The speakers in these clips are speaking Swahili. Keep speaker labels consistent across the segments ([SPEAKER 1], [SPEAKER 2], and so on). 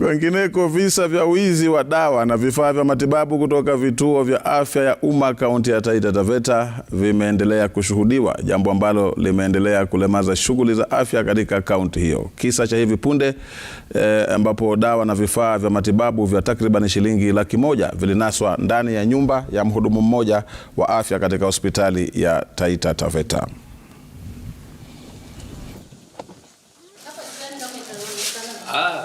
[SPEAKER 1] Wengineko, visa vya wizi wa dawa na vifaa vya matibabu kutoka vituo vya afya ya umma kaunti ya Taita Taveta vimeendelea kushuhudiwa, jambo ambalo limeendelea kulemaza shughuli za afya katika kaunti hiyo. Kisa cha hivi punde eh, ambapo dawa na vifaa vya matibabu vya takriban shilingi laki moja vilinaswa ndani ya nyumba ya mhudumu mmoja wa afya katika hospitali ya Taita Taveta. Ah,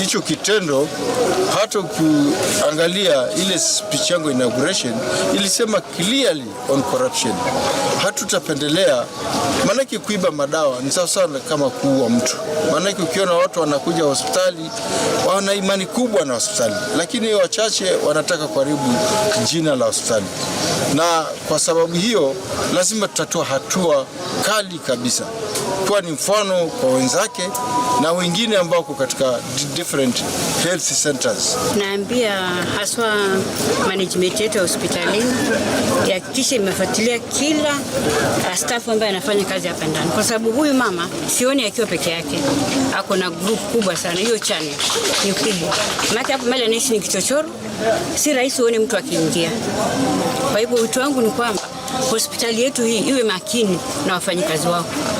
[SPEAKER 2] hicho kitendo. Hata ukiangalia ile speech yangu inauguration ilisema clearly on corruption, hatutapendelea. Maanake kuiba madawa ni sawa kama kuua mtu, maanake ukiona watu wanakuja hospitali wana imani kubwa na hospitali, lakini wachache wanataka kuharibu jina la hospitali, na kwa sababu hiyo lazima tutatoa hatua kali kabisa, kwa ni mfano kwa wenzake na wengine ambao katika different health centers.
[SPEAKER 3] Naambia haswa management yetu ya hospitalini ihakikishe imefuatilia kila uh, staff ambaye anafanya kazi hapa ndani, kwa sababu huyu mama sioni akiwa peke yake, ako na group kubwa sana. Hiyo chani ni kubwa, maana hapo mali anaishi ni kichochoro, si rahisi uone mtu akiingia. Kwa hivyo wito wangu ni kwamba hospitali yetu hii iwe makini na wafanyikazi wao.